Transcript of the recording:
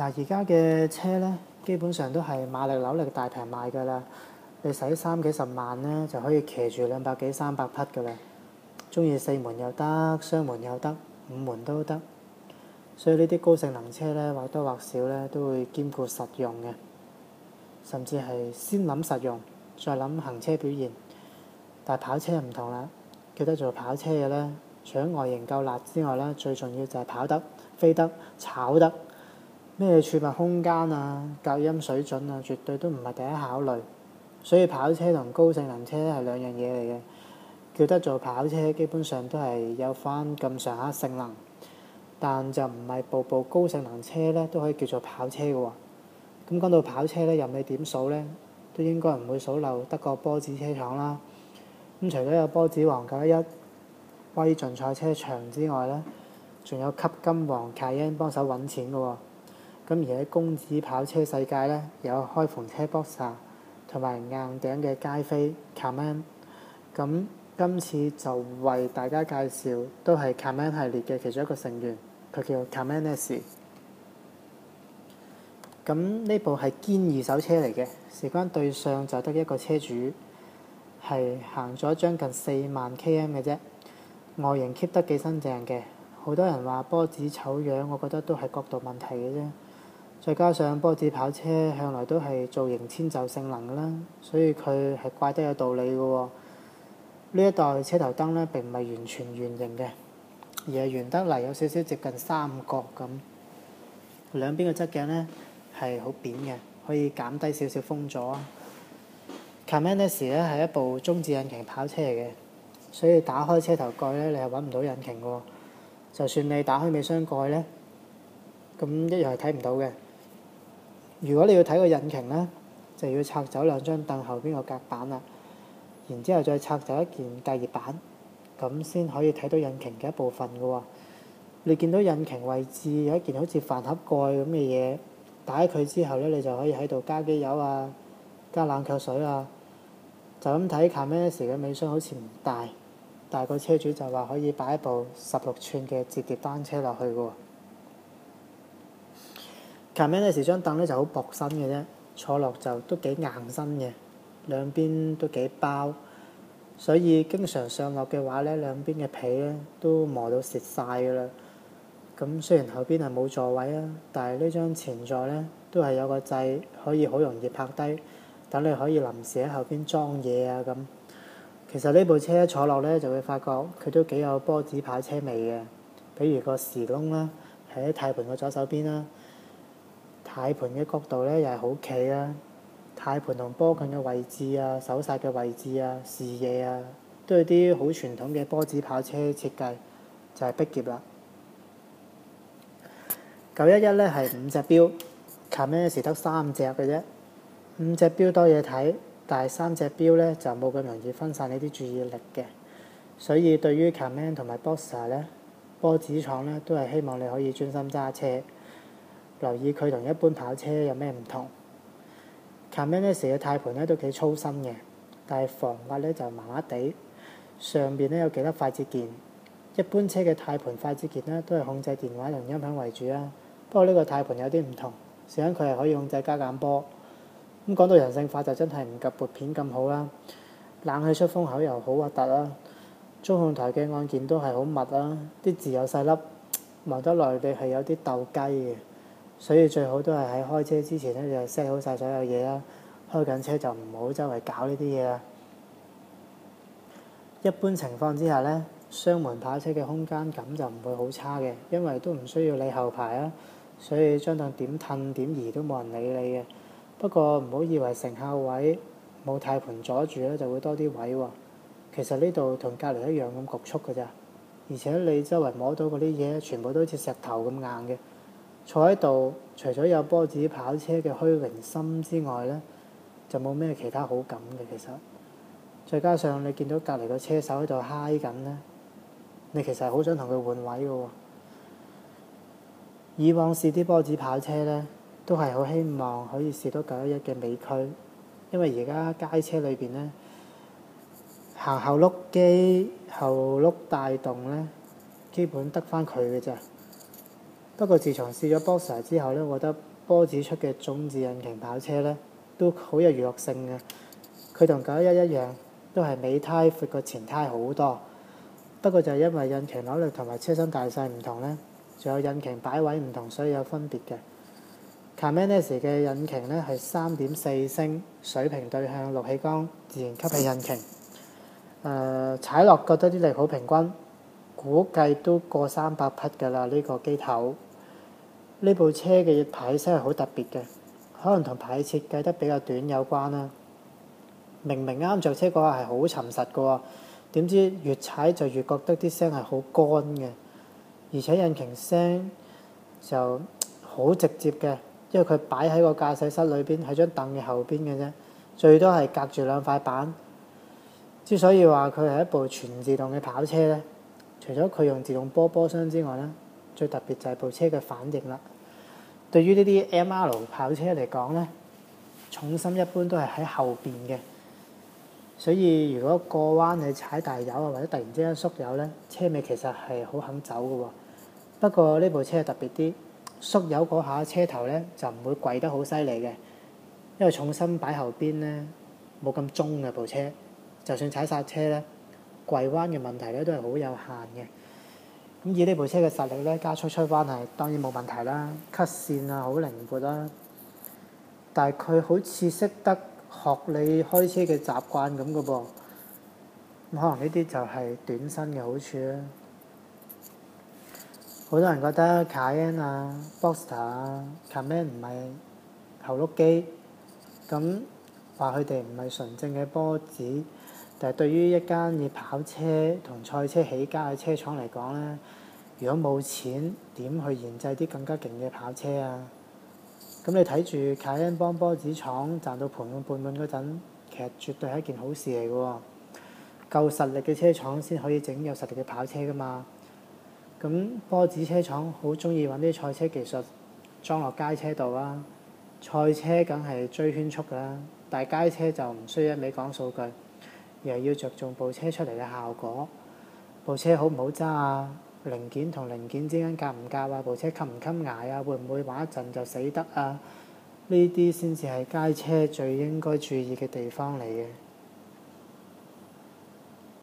嗱，而家嘅車呢，基本上都係馬力、扭力大平賣㗎啦。你使三幾十萬呢，就可以騎住兩百幾、三百匹㗎啦。中意四門又得，雙門又得，五門都得。所以呢啲高性能車呢，或多或少呢，都會兼顧實用嘅，甚至係先諗實用，再諗行車表現。但跑車唔同啦，叫得做跑車嘅呢，除咗外形夠辣之外呢，最重要就係跑得、飛得、炒得。咩儲物空間啊、隔音水準啊，絕對都唔係第一考慮。所以跑車同高性能車咧，係兩樣嘢嚟嘅。叫得做跑車，基本上都係有翻咁上下性能，但就唔係部部高性能車咧都可以叫做跑車嘅喎。咁講到跑車咧，任你點數咧，都應該唔會數漏德國波子車廠啦。咁除咗有波子王九一一威峻賽車場之外咧，仲有吸金王凱恩幫手揾錢嘅喎。咁而喺公子跑車世界呢，有開篷車 Boxster，同埋硬頂嘅街飛 Cayman。咁今次就為大家介紹，都係 Cayman 系列嘅其中一個成員，佢叫 Cayman S。咁呢部係堅二手車嚟嘅，事關對上就得一個車主係行咗將近四萬 km 嘅啫。外形 keep 得幾新淨嘅，好多人話波子醜樣，我覺得都係角度問題嘅啫。再加上波子跑車向來都係造型遷就性能啦，所以佢係怪得有道理嘅喎。呢一代車頭燈呢並唔係完全圓形嘅，而係圓得嚟有少少接近三角咁。兩邊嘅側鏡呢係好扁嘅，可以減低少少風阻。Cayman S 呢係一部中置引擎跑車嚟嘅，所以打開車頭蓋呢，你係揾唔到引擎嘅喎。就算你打開尾箱蓋呢，咁一樣係睇唔到嘅。如果你要睇個引擎呢，就要拆走兩張凳後邊個隔板啦，然之後再拆走一件隔熱板，咁先可以睇到引擎嘅一部分嘅喎。你見到引擎位置有一件好似飯盒蓋咁嘅嘢，打開佢之後呢，你就可以喺度加機油啊、加冷卻水啊。就咁睇，卡咩 S 嘅尾箱好似唔大，但係個車主就話可以擺一部十六寸嘅摺疊單車落去嘅喎。前面咧，時張凳咧就好薄身嘅啫，坐落就都幾硬身嘅，兩邊都幾包，所以經常上落嘅話咧，兩邊嘅皮咧都磨到蝕晒噶啦。咁雖然後邊係冇座位啊，但係呢張前座咧都係有個掣，可以好容易拍低，等你可以臨時喺後邊裝嘢啊咁。其實呢部車坐落咧就會發覺佢都幾有波子牌車味嘅，比如個時鐘啦，喺太盤嘅左手邊啦。軚盤嘅角度咧又係好企啦，軚盤同波棍嘅位置啊、手剎嘅位置啊、視野啊，都係啲好傳統嘅波子跑車設計，就係、是、逼劫啦。九一一咧係五隻錶，卡曼時得三隻嘅啫，五隻錶多嘢睇，但係三隻錶咧就冇咁容易分散你啲注意力嘅，所以對於卡曼同埋博沙咧，波子廠咧都係希望你可以專心揸車。留意佢同一般跑車有咩唔同？Cayman S 嘅胎盤咧都幾粗身嘅，但係防滑呢就麻麻地。上邊咧有幾粒快捷鍵，一般車嘅胎盤快捷鍵咧都係控制電話同音響為主啦。不過呢個胎盤有啲唔同，想佢係可以控制加減波。咁講到人性化就真係唔及撥片咁好啦。冷氣出風口又好核突啦。中控台嘅按鍵都係好密啦，啲字又細粒，望得耐你係有啲鬥雞嘅。所以最好都係喺開車之前呢，就 set 好晒所有嘢啦，開緊車就唔好周圍搞呢啲嘢啦。一般情況之下呢，雙門跑車嘅空間感就唔會好差嘅，因為都唔需要你後排啊，所以張凳點褪點移都冇人理你嘅。不過唔好以為乘客位冇軚盤阻住咧就會多啲位喎，其實呢度同隔離一樣咁局促㗎咋。而且你周圍摸到嗰啲嘢，全部都好似石頭咁硬嘅。坐喺度，除咗有波子跑車嘅虛榮心之外呢，就冇咩其他好感嘅其實。再加上你見到隔離個車手喺度嗨緊呢，你其實好想同佢換位嘅喎。以往試啲波子跑車呢，都係好希望可以試到九一一嘅尾區，因為而家街車裏邊呢，行後碌機後碌帶動呢，基本得返佢嘅咋。不過自從試咗 Boxster 之後咧，我覺得波子出嘅中置引擎跑車咧都好有娛樂性嘅。佢同九一一一樣，都係尾胎闊過前胎好多。不過就係因為引擎扭力同埋車身大細唔同咧，仲有引擎擺位唔同，所以有分別嘅。Cayman S 嘅引擎咧係三點四升水平對向六氣缸自然吸氣引擎。誒、呃，踩落覺得啲力好平均，估計都過三百匹㗎啦！呢、這個機頭。呢部車嘅排氣聲係好特別嘅，可能同排氣設計得比較短有關啦。明明啱着車嗰下係好沉實㗎喎，點知越踩就越覺得啲聲係好乾嘅，而且引擎聲就好直接嘅，因為佢擺喺個駕駛室裏邊喺張凳嘅後邊嘅啫，最多係隔住兩塊板。之所以話佢係一部全自動嘅跑車呢，除咗佢用自動波波箱之外呢。最特別就係部車嘅反應啦。對於呢啲 MR 跑車嚟講呢，重心一般都係喺後邊嘅，所以如果過彎你踩大油啊，或者突然之間縮油呢，車尾其實係好肯走嘅喎。不過呢部車特別啲，縮油嗰下車頭呢就唔會跪得好犀利嘅，因為重心擺後邊呢冇咁重嘅部車，就算踩煞車呢，跪彎嘅問題咧都係好有限嘅。咁以呢部車嘅實力咧，加速吹翻係當然冇問題啦，切線啊好靈活啦、啊。但係佢好似識得學你開車嘅習慣咁嘅噃。咁可能呢啲就係短身嘅好處啦、啊。好多人覺得卡宴啊、Boxster 啊、Cayman 唔係後碌機，咁話佢哋唔係純正嘅波子。但係，對於一間以跑車同賽車起家嘅車廠嚟講咧，如果冇錢，點去研製啲更加勁嘅跑車啊？咁你睇住卡恩幫波子廠賺到盆滿缽滿嗰陣，其實絕對係一件好事嚟嘅喎。夠實力嘅車廠先可以整有實力嘅跑車㗎嘛。咁波子車廠好中意揾啲賽車技術裝落街車度啊。賽車梗係追圈速㗎啦，但係街車就唔需要一味講數據。又要着重部車出嚟嘅效果，部車好唔好揸啊？零件同零件之間夾唔夾啊？部車冚唔冚捱啊？會唔會玩一陣就死得啊？呢啲先至係街車最應該注意嘅地方嚟嘅。